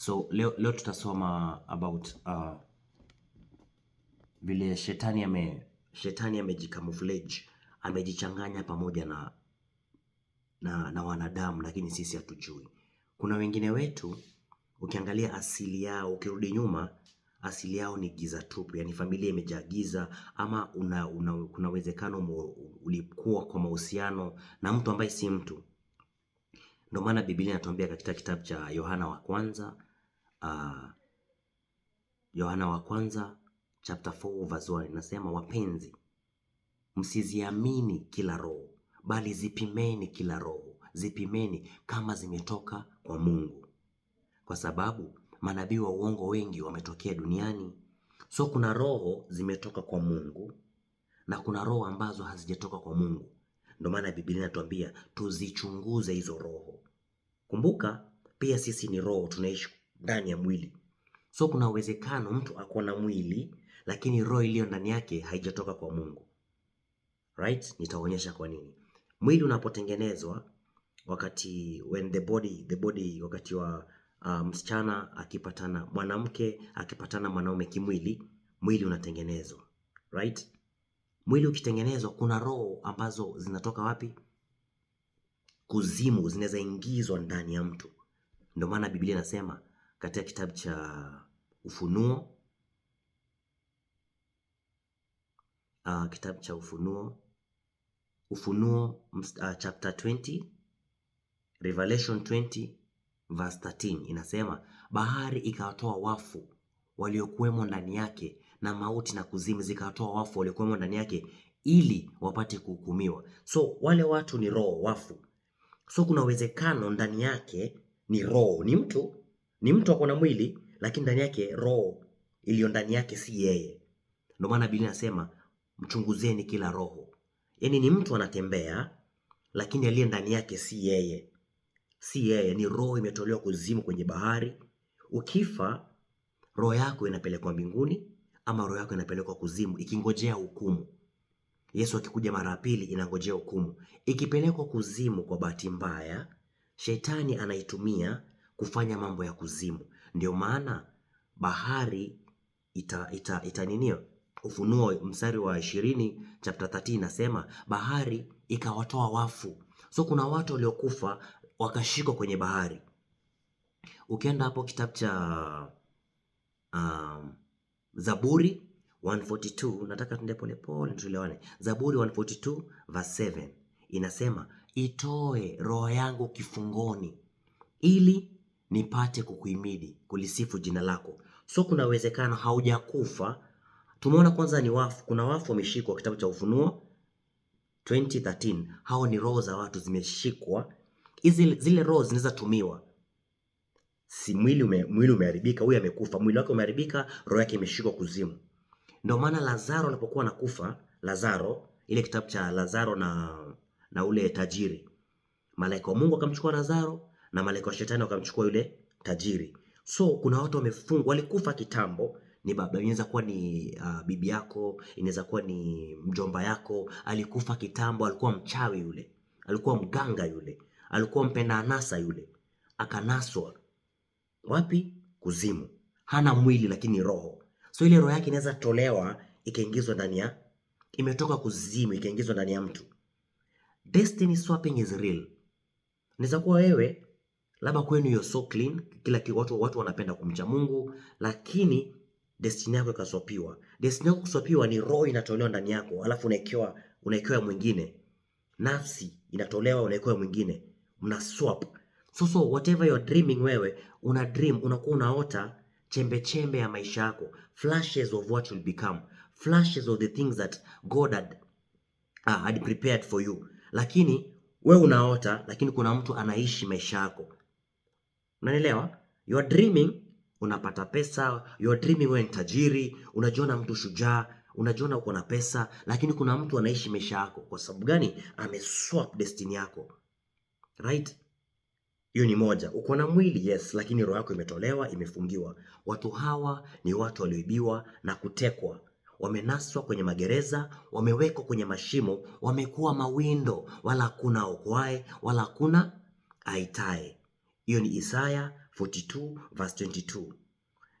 So leo, leo tutasoma about uh, vile shetani ame shetani amejikamuflage amejichanganya pamoja na, na, na wanadamu, lakini sisi hatujui. Kuna wengine wetu ukiangalia asili yao, ukirudi nyuma, asili yao ni giza tupu, yani familia imejaa giza, ama una, una, kuna uwezekano ulikuwa kwa mahusiano na mtu ambaye si mtu. Ndio maana Biblia inatuambia katika kitabu cha Yohana wa kwanza uh, wa kwanza chapter 4 verse 1 inasema, wapenzi, msiziamini kila roho, bali zipimeni kila roho, zipimeni kama zimetoka kwa Mungu, kwa sababu manabii wa uongo wengi wametokea duniani. So kuna roho zimetoka kwa Mungu na kuna roho ambazo hazijatoka kwa Mungu. Ndio maana Biblia inatuambia tuzichunguze hizo roho. Kumbuka pia sisi ni roho, tunaishi ndani ya mwili. So kuna uwezekano mtu ako na mwili lakini roho iliyo ndani yake haijatoka kwa Mungu. Right? Nitaonyesha kwa nini. Mwili unapotengenezwa wakati when the body, the body wakati wa uh, msichana akipatana mwanamke akipatana mwanaume kimwili, mwili unatengenezwa. Right? Mwili ukitengenezwa kuna roho ambazo zinatoka wapi? Kuzimu zinaweza ingizwa ndani ya mtu. Ndio maana Biblia inasema katika kitabu cha Ufunuo uh, kitabu cha Ufunuo Ufunuo uh, chapter 20 Revelation 20 verse 13 inasema, bahari ikawatoa wafu waliokuwemo ndani yake, na mauti na kuzimu zikawatoa wafu waliokuwemo ndani yake, ili wapate kuhukumiwa. So wale watu ni roho wafu, so kuna uwezekano ndani yake ni roho, ni mtu ni mtu ako na mwili lakini ndani yake roho iliyo ndani yake si yeye. Ndio maana Biblia inasema mchunguzeni kila roho. Yaani ni mtu anatembea lakini aliye ndani yake si yeye. Si yeye, ni roho imetolewa kuzimu kwenye bahari. Ukifa roho yako inapelekwa mbinguni ama roho yako inapelekwa kuzimu ikingojea hukumu. Yesu akikuja mara ya pili inangojea hukumu. Ikipelekwa kuzimu kwa bahati mbaya, shetani anaitumia kufanya mambo ya kuzimu. Ndio maana bahari ita, ita, ita nini? Ufunuo mstari wa 20 chapter 13 inasema bahari ikawatoa wafu. So kuna watu waliokufa wakashikwa kwenye bahari. Ukienda hapo kitabu cha uh, Zaburi 142 nataka tuende pole pole tuelewane. Zaburi 142 verse 7 inasema itoe roho yangu kifungoni ili nipate kukuhimidi, kulisifu jina lako. So kuna uwezekano haujakufa. Tumeona kwanza ni wafu, kuna wafu wameshikwa kitabu cha Ufunuo 2013. Hao ni roho za watu zimeshikwa, hizi zile roho zinaweza tumiwa. Si mwili ume, mwili umeharibika, huyu amekufa, mwili wake umeharibika, roho yake imeshikwa kuzimu. Ndio maana Lazaro alipokuwa anakufa, Lazaro ile kitabu cha Lazaro na na ule tajiri, malaika wa Mungu akamchukua Lazaro na malaika wa shetani wakamchukua yule tajiri. So kuna watu wamefungwa, walikufa kitambo ni baba inaweza kuwa ni uh, bibi yako, inaweza kuwa ni mjomba yako. Alikufa kitambo, alikuwa mchawi yule, alikuwa mganga yule, alikuwa mpenda anasa yule. Akanaswa wapi? Kuzimu. Hana mwili lakini roho, so ile roho yake inaweza tolewa ikaingizwa ndani ya, imetoka kuzimu ikaingizwa ndani ya mtu. Destiny swapping is real. Inaweza kuwa wewe labda kwenu hiyo so clean, kila watu, watu wanapenda kumcha Mungu, lakini destiny yako ikaswapiwa. Destiny yako kuswapiwa ni roho inatolewa ndani yako, alafu unaekewa unaekewa mwingine, nafsi inatolewa unaekewa mwingine, mna swap. So, so whatever you're dreaming, wewe una dream, unakuwa unaota chembe chembe ya maisha yako, flashes of what will become, flashes of the things that God had, uh, had prepared for you, lakini we unaota, lakini kuna mtu anaishi maisha yako. Unanielewa? You are dreaming, unapata pesa. You are dreaming wewe ni tajiri, unajiona mtu shujaa, unajiona uko na pesa, lakini kuna mtu anaishi maisha yako. Kwa sababu gani? Ameswap destiny yako, right? Hiyo ni moja. Uko na mwili yes, lakini roho yako imetolewa, imefungiwa. Watu hawa ni watu walioibiwa na kutekwa, wamenaswa kwenye magereza, wamewekwa kwenye mashimo, wamekuwa mawindo, wala hakuna okwae wala hakuna aitae. Hiyo ni Isaya 42 verse 22.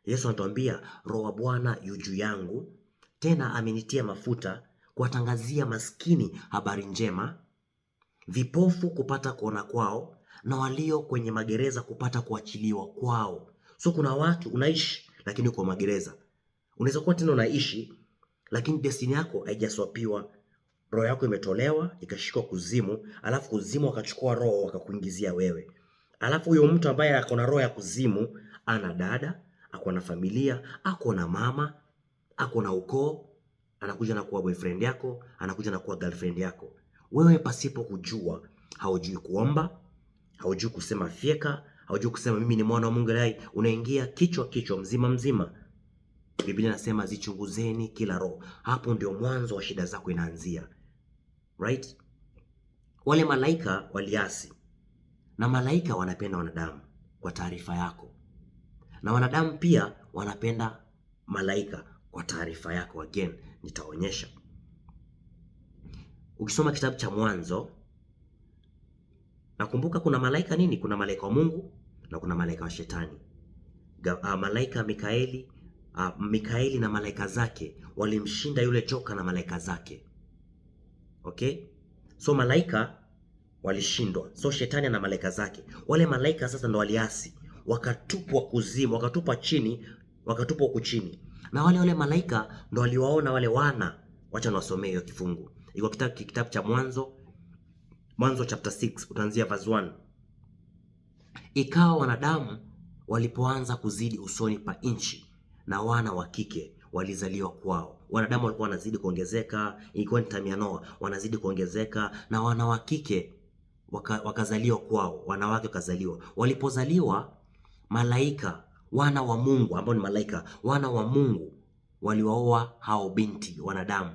Yesu anatuambia roho wa Bwana yu juu yangu, tena amenitia mafuta kuwatangazia maskini habari njema, vipofu kupata kuona kwao, na walio kwenye magereza kupata kuachiliwa kwao. So kuna watu unaishi lakini uko magereza, unaweza kuwa tena unaishi lakini destiny yako haijaswapiwa, roho yako imetolewa ikashikwa kuzimu, alafu kuzimu wakachukua roho wakakuingizia wewe. Alafu huyo mtu ambaye ako na roho ya kuzimu ana dada, ako na familia, ako na mama, ako na ukoo, anakuja na kuwa boyfriend yako, anakuja na kuwa girlfriend yako. Wewe pasipo kujua, haujui kuomba, haujui kusema fyeka, haujui kusema mimi ni mwana wa Mungu lai, unaingia kichwa kichwa mzima mzima. Biblia inasema zichunguzeni kila roho. Hapo ndio mwanzo wa shida zako inaanzia, right? Wale malaika waliasi na malaika wanapenda wanadamu, kwa taarifa yako, na wanadamu pia wanapenda malaika, kwa taarifa yako. Again, nitaonyesha ukisoma kitabu cha Mwanzo. Nakumbuka kuna malaika nini? Kuna malaika wa Mungu na kuna malaika wa Shetani. Ah, malaika Mikaeli, ah, Mikaeli na malaika zake walimshinda yule joka na malaika zake. Okay, so malaika walishindwa. So shetani na malaika zake, wale malaika sasa ndo waliasi, wakatupwa kuzimu, wakatupwa chini, wakatupwa huku chini, na wale wale malaika ndo waliwaona wale wana. Wacha niwasomee hiyo kifungu, iko kitabu kitabu cha Mwanzo, Mwanzo chapter 6 utaanzia verse 1. Ikawa wanadamu walipoanza kuzidi usoni pa nchi, na wana wa kike walizaliwa kwao. Wanadamu walikuwa wanazidi kuongezeka, ilikuwa ni tamia Noa, wanazidi kuongezeka na wana wa kike waka, wakazaliwa kwao, wanawake wakazaliwa. Walipozaliwa malaika, wana wa Mungu ambao ni malaika, wana wa Mungu waliwaoa hao binti wanadamu,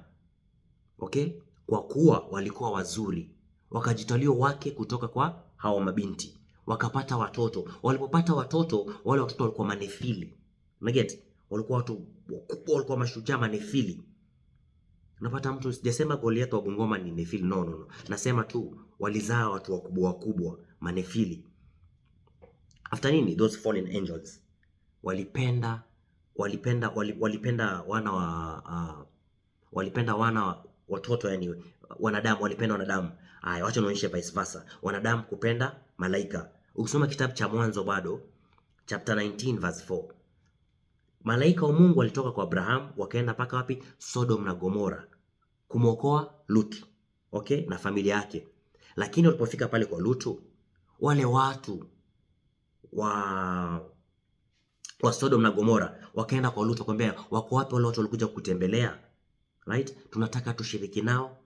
okay, kwa kuwa walikuwa wazuri, wakajitwaliwa wake kutoka kwa hao mabinti, wakapata watoto. Walipopata watoto, wale watoto walikuwa manefili, unaget, walikuwa watu wakubwa, walikuwa mashujaa manefili Unapata mtu, sijasema Goliath wa Bungoma ni Nefili, no, no, no. Nasema tu walizaa watu wakubwa wakubwa, manefili. After nini, those fallen angels walipenda walipenda walipenda wana wa uh, walipenda wana watoto, yani wanadamu walipenda wanadamu. Haya, wacha nionyeshe vice versa, wanadamu kupenda malaika. Ukisoma kitabu cha Mwanzo bado chapter 19 verse 4 Malaika wa Mungu walitoka kwa Abraham wakaenda mpaka wapi? Sodom na Gomora kumwokoa Lutu, okay, na familia yake. Lakini walipofika pale kwa Lutu, wale watu wa wa Sodom na Gomora wakaenda kwa Lutu wakamwambia, wako wapi wale watu walikuja kutembelea? Right? Tunataka tushiriki nao.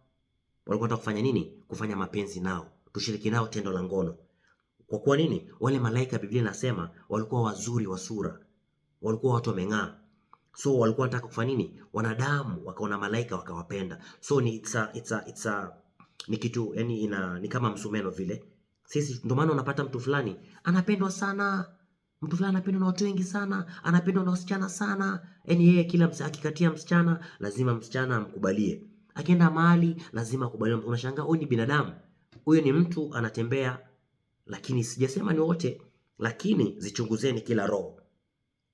Walikuwa wanataka kufanya nini? Kufanya mapenzi nao, tushiriki nao tendo la ngono. Kwa kuwa nini? Wale malaika, Biblia inasema walikuwa wazuri wa sura walikuwa watu wameng'aa, so walikuwa wanataka kufanya nini? Wanadamu wakaona malaika wakawapenda. So ni it's a, it's a, it's a, ni kitu yani ina, ni kama msumeno vile sisi. Ndio maana unapata mtu fulani anapendwa sana, mtu fulani anapendwa na watu wengi sana, anapendwa na wasichana sana, yani yeye kila msa, akikatia msichana lazima msichana amkubalie, akienda mahali lazima akubaliwe. Unashangaa huyu ni binadamu, huyu ni mtu anatembea, lakini sijasema ni wote, lakini zichunguzeni kila roho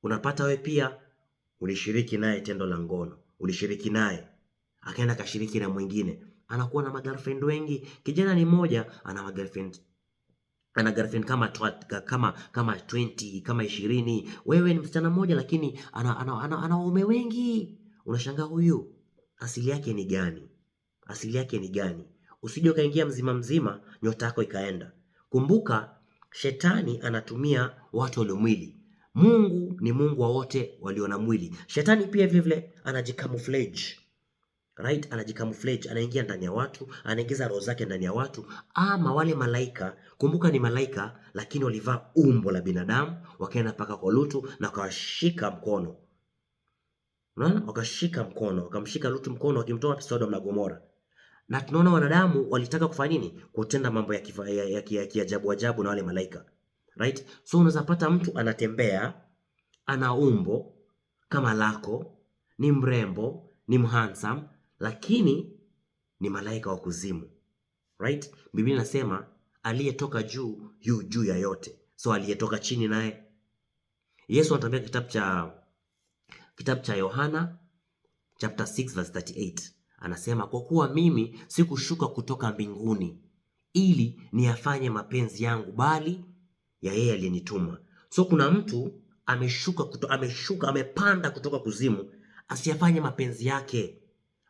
unapata we pia ulishiriki naye tendo la ngono, ulishiriki naye akaenda kashiriki na mwingine, anakuwa na magirlfriend wengi. Kijana ni moja ana magirlfriend ana girlfriend kama kama kama 20 kama 20. Wewe ni msichana mmoja, lakini ana ana, ana, ana waume wengi. Unashangaa huyu asili yake ni gani? Asili yake ni gani? Usije ukaingia mzima mzima, nyota yako ikaenda. Kumbuka shetani anatumia watu waliomwili Mungu ni Mungu wa wote walio na mwili. Shetani pia vile anajikamuflage. Right? Anajikamuflage, anaingia ndani ya watu, anaingiza roho zake ndani ya watu, ama wale malaika. Kumbuka ni malaika, lakini walivaa umbo la binadamu, wakaenda mpaka kwa Lutu na kawashika mkono. Unaona? Wakashika mkono, wakamshika Lutu mkono, wakimtoa Sodoma na Gomora. Na tunaona wanadamu walitaka kufanya nini? Kutenda mambo ya kiajabu ajabu na wale malaika right? So unaweza pata mtu anatembea, ana umbo kama lako, ni mrembo, ni mhandsome, lakini ni malaika wa kuzimu right? Biblia inasema aliyetoka juu yu juu ya yote, so aliyetoka chini naye. Yesu anatambia kitabu cha kitabu cha Yohana chapter 6 verse 38 anasema, kwa kuwa mimi sikushuka kutoka mbinguni ili niyafanye mapenzi yangu, bali ya yeye aliyenituma. So kuna mtu ameshuka, kuto, ameshuka amepanda kutoka kuzimu, asiyafanye mapenzi yake,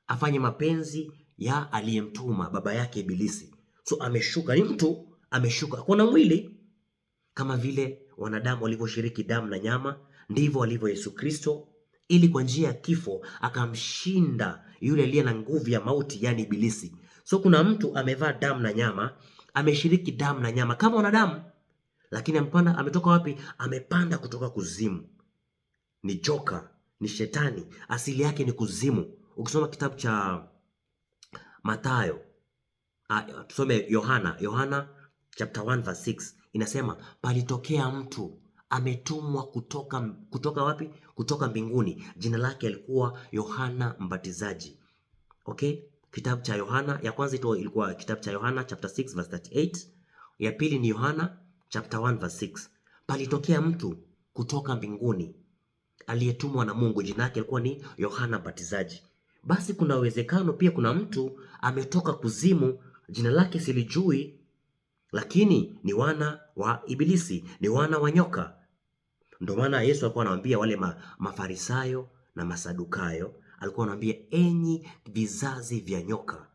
afanye mapenzi ya aliyemtuma baba yake Ibilisi. So ameshuka, ni mtu ameshuka. Kuna mwili kama vile wanadamu walivyoshiriki damu na nyama, ndivyo alivyo Yesu Kristo, ili kwa njia ya kifo akamshinda yule aliye na nguvu ya mauti, yani Ibilisi. So kuna mtu amevaa damu na nyama, ameshiriki damu na nyama kama wanadamu lakini amepanda, ametoka wapi? Amepanda kutoka kuzimu. Ni joka, ni shetani, asili yake ni kuzimu. Ukisoma kitabu cha Mathayo, ah, tusome Yohana, Yohana chapter 1 verse 6 inasema, palitokea mtu ametumwa kutoka, kutoka wapi? Kutoka mbinguni, jina lake alikuwa Yohana Mbatizaji. Okay, kitabu cha Yohana ya kwanza ilikuwa kitabu cha Yohana chapter 6 verse 38, ya pili ni Yohana chapter 1 verse 6, palitokea mtu kutoka mbinguni aliyetumwa na Mungu, jina lake alikuwa ni Yohana Mbatizaji. Basi kuna uwezekano pia kuna mtu ametoka kuzimu, jina lake silijui, lakini ni wana wa Ibilisi, ni wana wa nyoka. Ndio maana Yesu alikuwa anawaambia wale ma, Mafarisayo na Masadukayo, alikuwa anawaambia enyi vizazi vya nyoka.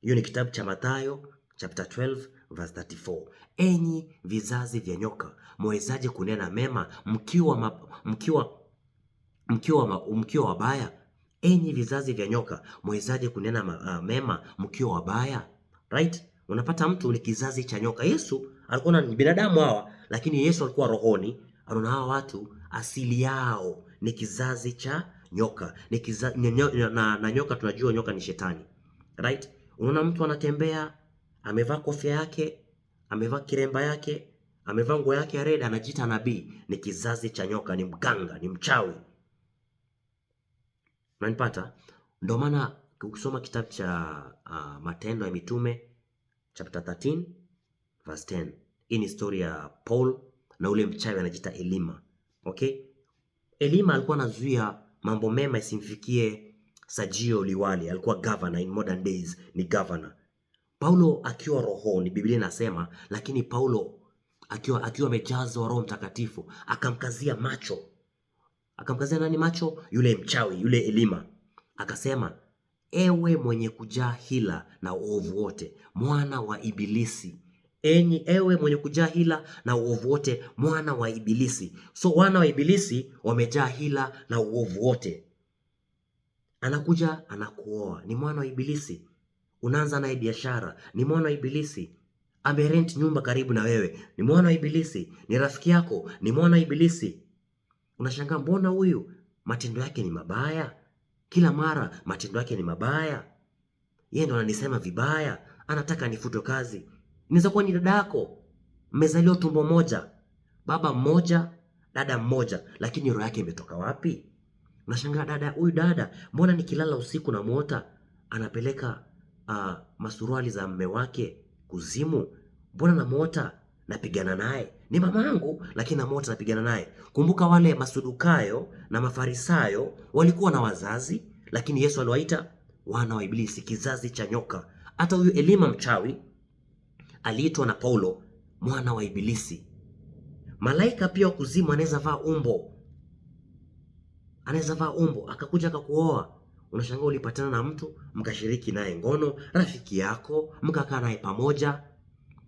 Hiyo ni kitabu cha Mathayo chapter 12 verse 34, enyi vizazi vya nyoka, mwezaje kunena mema mkiwa map, mkiwa mkiwa mkiwa wabaya? Enyi vizazi vya nyoka, mwezaje kunena uh, mema mkiwa wabaya? Right? Unapata mtu ni kizazi cha nyoka. Yesu alikuwa ni binadamu hawa, lakini Yesu alikuwa rohoni, anaona hawa watu asili yao ni kizazi cha nyoka ni kizazi, nyo, nyo, na, na nyoka tunajua nyoka ni shetani right? Unaona mtu anatembea amevaa kofia yake, amevaa kiremba yake, amevaa nguo yake ya red, anajiita nabii. Ni kizazi cha nyoka, ni mganga, ni mchawi. Unanipata? Ndio maana ukisoma kitabu cha uh, Matendo ya Mitume chapter 13 verse 10, hii ni story ya Paul na ule mchawi anajiita Elima. Okay, Elima alikuwa anazuia mambo mema isimfikie Sajio Liwali, alikuwa governor in modern days, ni governor Paulo akiwa rohoni, Biblia inasema lakini Paulo akiwa akiwa amejazwa Roho Mtakatifu akamkazia macho, akamkazia nani macho? Yule mchawi yule Elima, akasema ewe mwenye kujaa hila na uovu wote, mwana wa Ibilisi. Enyi ewe mwenye kujaa hila na uovu wote, mwana wa Ibilisi. So wana wa Ibilisi wamejaa hila na uovu wote. Anakuja anakuoa, ni mwana wa Ibilisi unaanza naye biashara. Ni mwana wa Ibilisi, amerent nyumba karibu na wewe, ni mwana wa Ibilisi, ni rafiki yako, ni mwana wa Ibilisi. Unashangaa mbona huyu matendo yake ni mabaya, kila mara matendo yake ni mabaya, yeye ndo ananisema vibaya, anataka nifutwe kazi. Inaweza kuwa ni dada yako, mmezaliwa tumbo moja, baba mmoja, dada mmoja, lakini roho yake imetoka wapi? Unashangaa dada, huyu dada, mbona nikilala usiku na mwota anapeleka uh, masuruali za mme wake kuzimu. Mbona namwota napigana naye? Ni mamangu, lakini namwota napigana naye. Kumbuka wale masudukayo na mafarisayo walikuwa na wazazi, lakini Yesu aliwaita wana wa Ibilisi, kizazi cha nyoka. Hata huyu Elima mchawi aliitwa na Paulo mwana wa Ibilisi. Malaika pia wa kuzimu anaweza vaa umbo, anaweza vaa umbo akakuja akakuoa Unashangaa ulipatana na mtu mkashiriki naye ngono, rafiki yako, mkakaa naye pamoja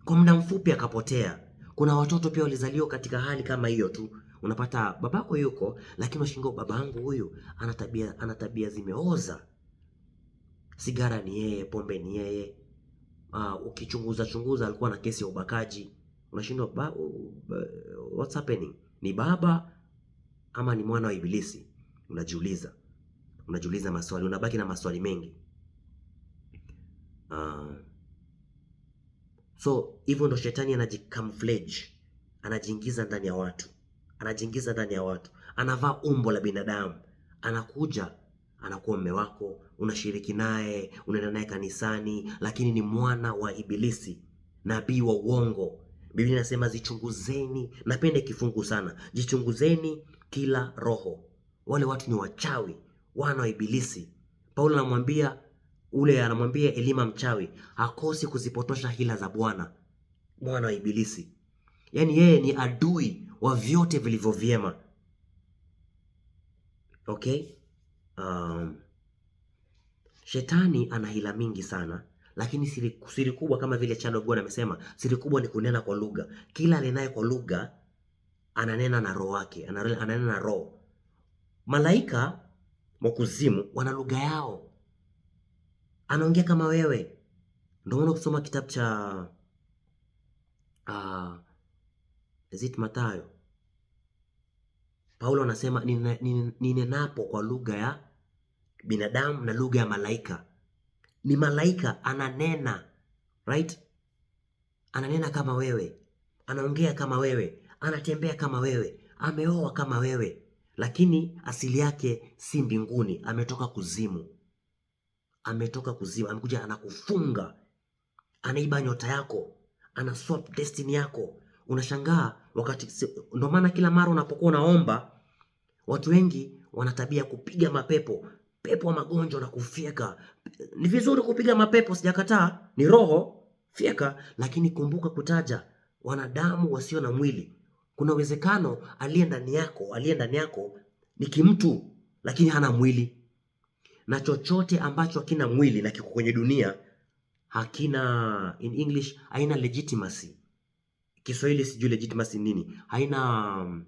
kwa muda mfupi, akapotea. Kuna watoto pia walizaliwa katika hali kama hiyo tu. Unapata babako yuko, lakini unashangaa babangu huyu ana tabia ana tabia zimeoza, sigara ni yeye, pombe ni yeye. Uh, ukichunguza chunguza alikuwa na kesi ya ubakaji. Unashindwa ba, what's happening? Ni baba ama ni mwana wa Ibilisi? Unajiuliza unajiuliza maswali, unabaki na maswali mengi uh, so hivyo ndo shetani anajikamuflage, anajiingiza ndani ya watu, anajiingiza ndani ya watu, anavaa umbo la binadamu, anakuja anakuwa mme wako, unashiriki naye, unaenda naye kanisani, lakini ni mwana wa Ibilisi, nabii wa uongo. Biblia inasema zichunguzeni, napenda kifungu sana, jichunguzeni kila roho. Wale watu ni wachawi, wana wa Ibilisi. Paulo anamwambia ule, anamwambia Elima mchawi akosi kuzipotosha hila za Bwana mwana wa Ibilisi. Yaani yeye ni adui wa vyote vilivyo vyema. Okay? Um, shetani ana hila mingi sana lakini siri, siri kubwa kama vile Chad amesema, siri kubwa ni kunena kwa lugha. Kila anenaye kwa lugha ananena na roho wake, ananena na roho. Malaika mwa kuzimu wana lugha yao, anaongea kama wewe. Ndio maana kusoma kitabu cha uh, ah, zit Mathayo, Paulo anasema ninenapo kwa lugha ya binadamu na lugha ya malaika. Ni malaika ananena, right? Ananena kama wewe, anaongea kama wewe, anatembea kama wewe, ameoa kama wewe lakini asili yake si mbinguni, ametoka kuzimu, ametoka kuzimu, amekuja anakufunga, anaiba nyota yako, ana swap destiny yako. Unashangaa wakati. ndo maana kila mara unapokuwa unaomba, watu wengi wana tabia kupiga mapepo, pepo wa magonjwa na kufyeka. Ni vizuri kupiga mapepo, sijakataa, ni roho fyeka, lakini kumbuka kutaja wanadamu wasio na mwili kuna uwezekano aliye ndani yako aliye ndani yako ni kimtu lakini hana mwili, na chochote ambacho hakina mwili na kiko kwenye dunia hakina, in English haina legitimacy. Kiswahili sijui legitimacy nini, haina uh,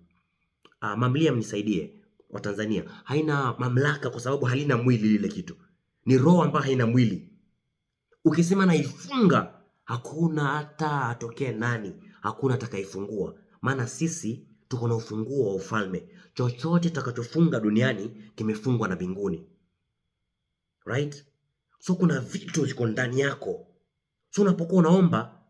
ah, mamlia, mnisaidie Tanzania, haina mamlaka kwa sababu halina mwili. Lile kitu ni roho ambayo haina mwili. Ukisema naifunga, hakuna hata atokee nani, hakuna atakayefungua maana sisi tuko na ufunguo wa ufalme. Chochote tutakachofunga duniani kimefungwa na mbinguni, right? So kuna vitu viko ndani yako, so unapokuwa unaomba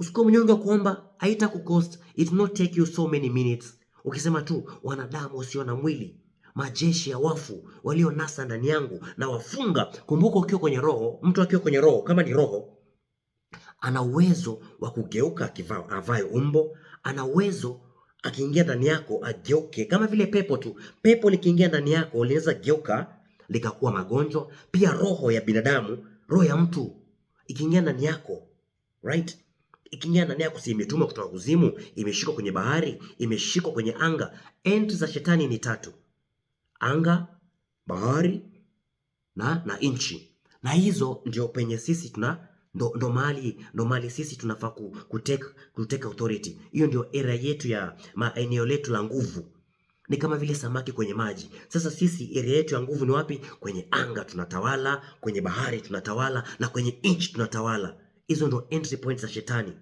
usiku mnyonge wa kuomba, haita kukost, it not take you so many minutes. Ukisema tu wanadamu usio na mwili, majeshi ya wafu walio nasa ndani yangu na wafunga. Kumbuka, ukiwa kwenye roho, mtu akiwa kwenye roho, kama ni roho, ana uwezo wa kugeuka avayo umbo ana uwezo akiingia ndani yako ageuke, kama vile pepo tu. Pepo likiingia ndani yako linaweza geuka likakuwa magonjwa. Pia roho ya binadamu, roho ya mtu ikiingia ndani yako right? ikiingia ndani yako, si imetumwa kutoka kuzimu, imeshikwa kwenye bahari, imeshikwa kwenye anga. Enti za shetani ni tatu: anga, bahari na na nchi, na hizo ndio penye sisi tuna ndo, ndo mali ndo mali sisi tunafaa kuteka, kuteka authority. Hiyo ndio era yetu ya maeneo letu la nguvu, ni kama vile samaki kwenye maji. Sasa sisi area yetu ya nguvu ni wapi? Kwenye anga tunatawala, kwenye bahari tunatawala, na kwenye nchi tunatawala. Hizo ndo entry points za shetani,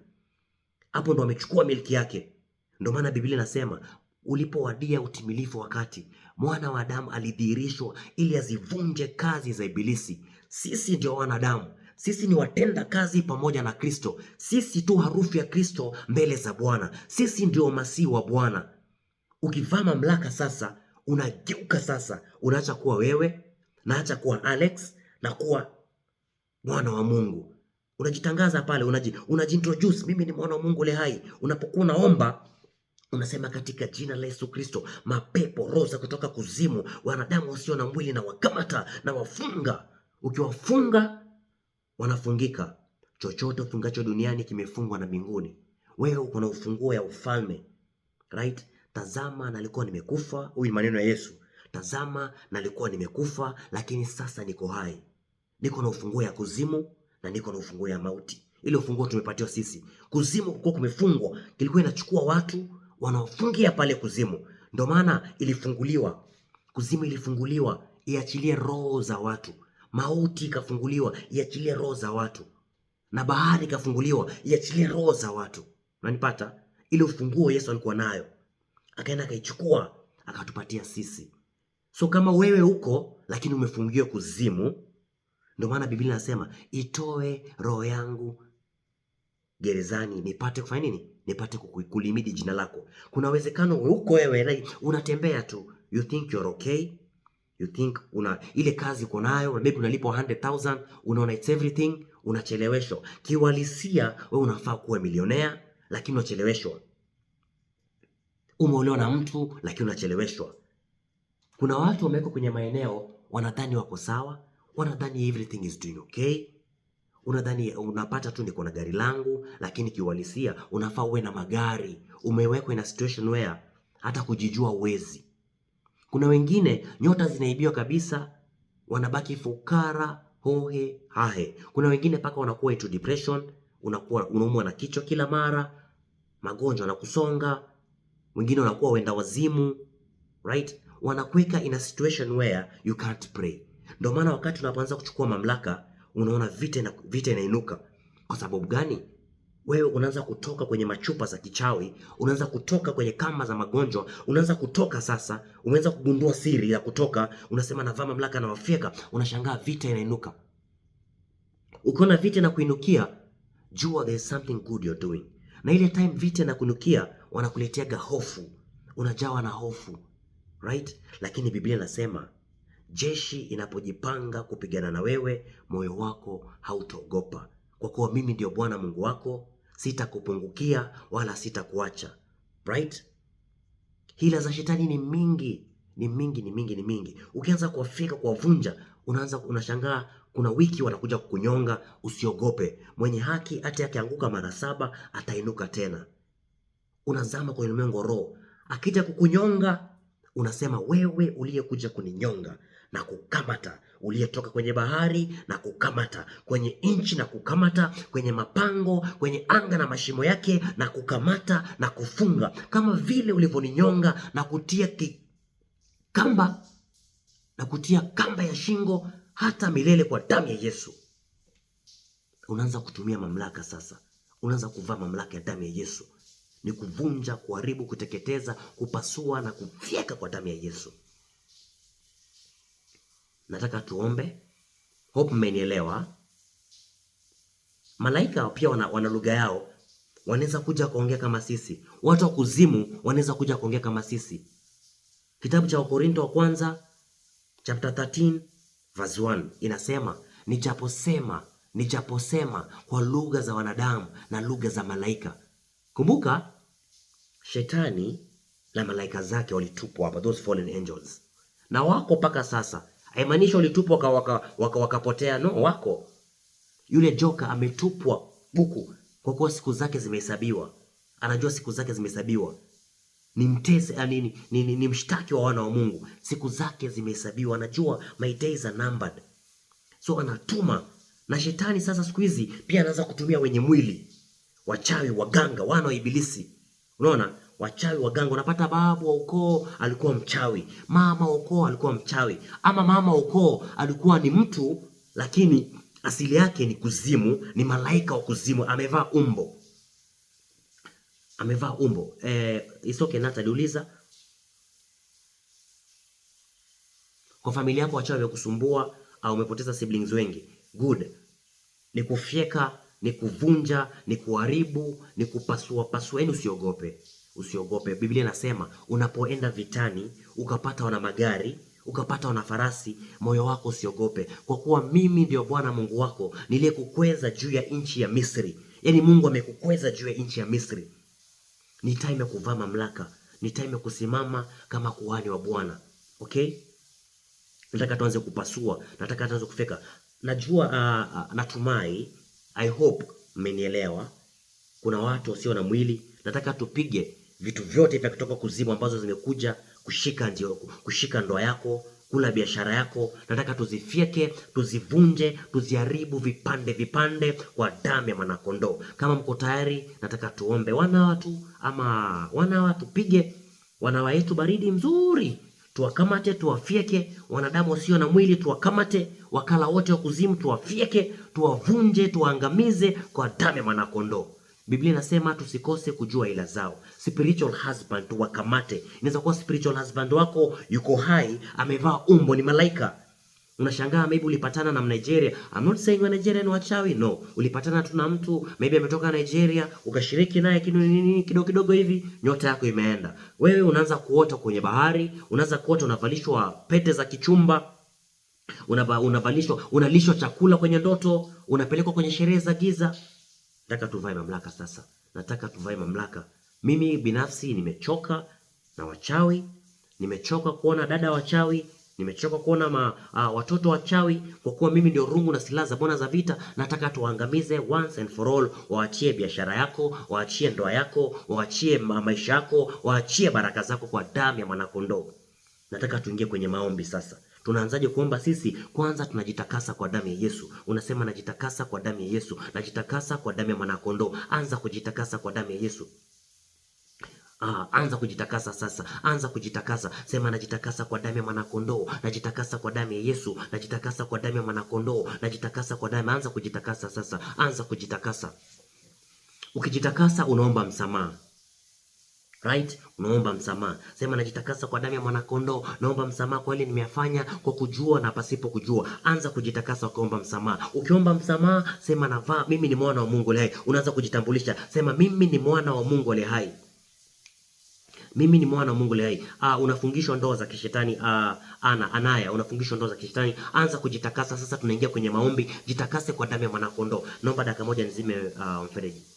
hapo ndo amechukua miliki yake. Ndo maana Biblia inasema ulipowadia utimilifu wakati mwana wa Adamu alidhihirishwa ili azivunje kazi za Ibilisi. Sisi ndio wanadamu sisi ni watenda kazi pamoja na Kristo. Sisi tu harufu ya Kristo mbele za Bwana. Sisi ndio masihi wa Bwana. Ukivaa mamlaka sasa, unageuka sasa, unaacha kuwa wewe na acha kuwa Alex na kuwa mwana wa Mungu. Unajitangaza pale, unaji mimi ni mwana wa Mungu le hai. Unapokuwa unaomba unasema katika jina la Yesu Kristo, mapepo roho za kutoka kuzimu, wanadamu wasio na mwili na wakamata na wafunga, ukiwafunga wanafungika. Chochote ufungacho duniani kimefungwa na mbinguni. Wewe uko na ufunguo ya ufalme right? Tazama, nalikuwa nimekufa. Huyu ni maneno ya Yesu. Tazama, nalikuwa nimekufa, lakini sasa niko hai, niko na ufunguo ya kuzimu na niko na ufunguo ya mauti. Ile ufunguo tumepatiwa sisi. Kuzimu kulikuwa kumefungwa, kilikuwa inachukua watu wanaofungia pale kuzimu, ndio maana ilifunguliwa. Kuzimu ilifunguliwa iachilie roho za watu Mauti ikafunguliwa iachilie roho za watu, na bahari ikafunguliwa iachilie roho za watu. Unanipata? Ile ufunguo Yesu alikuwa nayo, akaenda akaichukua, akatupatia sisi. So kama wewe uko lakini umefungiwa kuzimu, ndio maana Biblia inasema itoe roho yangu gerezani nipate kufanya nini? Nipate kukulimidi jina lako. Kuna uwezekano uko wewe unatembea tu, you think you're okay you think una ile kazi uko nayo maybe unalipwa 100,000 unaona it's everything, unacheleweshwa. kiwalisia we unafaa kuwa milionea, lakini unacheleweshwa. Umeolewa na mtu lakini unacheleweshwa. Kuna watu wameko kwenye maeneo wanadhani wako sawa, wanadhani everything is doing okay. Unadhani unapata tu niko na gari langu, lakini kiwalisia unafaa uwe na magari. Umewekwa in a situation where hata kujijua uwezi kuna wengine nyota zinaibiwa kabisa, wanabaki fukara hohe hahe. Kuna wengine mpaka wanakuwa into depression, unakuwa unaumwa na kichwa kila mara, magonjwa na kusonga, wengine wanakuwa wenda wazimu, right? Wanakuweka in a situation where you can't pray. Ndio maana wakati unapoanza kuchukua mamlaka, unaona vita na vita inainuka. Kwa sababu gani? wewe unaanza kutoka kwenye machupa za kichawi, unaanza kutoka kwenye kamba za magonjwa, unaanza kutoka sasa. Umeanza kugundua siri ya kutoka, unasema navaa mamlaka na wafyeka, unashangaa vita inainuka. Ukiona vita na kuinukia, jua there is something good you're doing. Na ile time vita na kunukia, wanakuletea hofu, unajawa na hofu right? Lakini Biblia inasema jeshi inapojipanga kupigana na wewe, moyo wako hautogopa, kwa kuwa mimi ndio Bwana Mungu wako sitakupungukia wala sitakuacha. Right? Hila za shetani ni mingi, ni mingi, ni mingi, ni mingi. Ukianza kuwafika kuwavunja, unaanza unashangaa kuna wiki wanakuja kukunyonga. Usiogope, mwenye haki hata akianguka mara saba atainuka tena. Unazama kwenye ulimwengu roho, akija kukunyonga unasema wewe uliyekuja kuninyonga na kukamata uliyetoka kwenye bahari na kukamata, kwenye nchi na kukamata, kwenye mapango, kwenye anga na mashimo yake na kukamata na kufunga, kama vile ulivyoninyonga na kutia kamba na kutia kamba ya shingo hata milele kwa damu ya Yesu. Unaanza kutumia mamlaka sasa, unaanza kuvaa mamlaka ya damu ya Yesu. Ni kuvunja, kuharibu, kuteketeza, kupasua na kufyeka kwa damu ya Yesu nataka tuombe. Hope mmenielewa. Malaika pia wana, wana lugha yao, wanaweza kuja kuongea kama sisi. Watu wa kuzimu wanaweza kuja kuongea kama sisi. Kitabu cha Wakorinto wa kwanza chapter 13 verse 1 inasema nijaposema nijaposema kwa lugha za wanadamu na lugha za malaika. Kumbuka shetani na malaika zake walitupwa hapa, those fallen angels, na wako mpaka sasa Haimaanishi walitupwa wakapotea waka, waka, waka no, wako yule joka ametupwa buku kwa kuwa siku zake zimehesabiwa. Anajua siku zake zimehesabiwa, ni mtese ni, ni, ni, ni, ni mshtaki wa wana wa Mungu. Siku zake zimehesabiwa, anajua my days are numbered, so anatuma. Na shetani sasa siku hizi pia anaanza kutumia wenye mwili, wachawi, waganga, wana wa Ibilisi, unaona wachawi waganga, unapata babu wa ukoo alikuwa mchawi, mama wa ukoo alikuwa mchawi, ama mama wa ukoo alikuwa ni mtu lakini asili yake ni kuzimu, ni malaika wa kuzimu, amevaa umbo, amevaa umbo. Eh, isoke nata aliuliza kwa familia yako wachawi kusumbua au umepoteza siblings wengi? Good, ni kufyeka, ni kuvunja, ni kuharibu, ni kupasua pasua, yaani usiogope usiogope. Biblia inasema unapoenda vitani, ukapata wana magari, ukapata wana farasi, moyo wako usiogope, kwa kuwa mimi ndio Bwana Mungu wako niliyekukweza juu ya nchi ya Misri. Yaani Mungu amekukweza juu ya nchi ya Misri. Ni time ya kuvaa mamlaka, ni time ya kusimama kama kuhani wa Bwana. Okay? Nataka tuanze kupasua, nataka tuanze kufika. Najua uh, uh, natumai I hope mmenielewa. Kuna watu wasio na mwili, nataka tupige vitu vyote vya kutoka kuzimu ambazo zimekuja kushika ndio kushika ndoa yako kula biashara yako, nataka tuzifyeke, tuzivunje, tuziharibu vipande vipande kwa damu ya mwanakondoo. Kama mko tayari, nataka tuombe. Wana watu ama wana watu, pige wanawa yetu baridi mzuri, tuwakamate, tuwafyeke. Wanadamu wasio na mwili tuwakamate, wakala wote wa kuzimu tuwafyeke, tuwavunje, tuwaangamize kwa damu ya mwanakondoo. Biblia inasema tusikose kujua ila zao. Spiritual husband wakamate. Inaweza kuwa spiritual husband wako yuko hai, amevaa umbo, ni malaika. Unashangaa maybe ulipatana na Nigeria. I'm not saying Nigeria ni wachawi, no. Ulipatana tu na mtu maybe ametoka Nigeria, ukashiriki naye kinini kidogo kidogo hivi, nyota yako imeenda. Wewe unaanza kuota kwenye bahari, unaanza kuota unavalishwa pete za kichumba, unavalishwa unalishwa chakula kwenye ndoto, unapelekwa kwenye sherehe za giza. Nataka tuvae mamlaka sasa, nataka tuvae mamlaka. Mimi binafsi nimechoka na wachawi, nimechoka kuona dada wachawi, nimechoka kuona ma, uh, watoto wachawi, kwa kuwa mimi ndio rungu na silaha za bona za vita. Nataka tuwaangamize once and for all. Waachie biashara yako, waachie ndoa yako, waachie maisha yako, waachie baraka zako kwa damu ya mwanakondoo. Nataka tuingie kwenye maombi sasa. Tunaanzaje kuomba sisi? Kwanza tunajitakasa kwa damu ya Yesu. Unasema najitakasa kwa damu ya Yesu, najitakasa kwa damu ya mwanakondoo. Anza kujitakasa kwa damu ya Yesu. Aa, ah, anza kujitakasa sasa, anza kujitakasa. Sema najitakasa kwa damu ya mwanakondoo, najitakasa kwa damu ya Yesu, najitakasa kwa damu ya mwanakondoo, najitakasa kwa damu. Anza kujitakasa sasa, anza kujitakasa. Ukijitakasa unaomba msamaha. Right? Unaomba msamaha, sema najitakasa kwa damu ya mwanakondoo, naomba msamaha kwa ile nimeyafanya kwa kujua na pasipo kujua. Anza kujitakasa ukiomba msamaha. Ukiomba msamaha, sema navaa, mimi ni mwana wa Mungu aliye hai. Unaanza kujitambulisha, sema mimi ni mwana wa Mungu aliye hai mimi ni mwana wa Mungu aliye hai. Ah, unafungishwa ndoa za kishetani. Ah, ana anaya, unafungishwa ndoa za kishetani. Anza kujitakasa sasa. Tunaingia kwenye maombi. Jitakase kwa damu ya mwanakondoo. Naomba dakika moja nzime uh, ah, mfereji.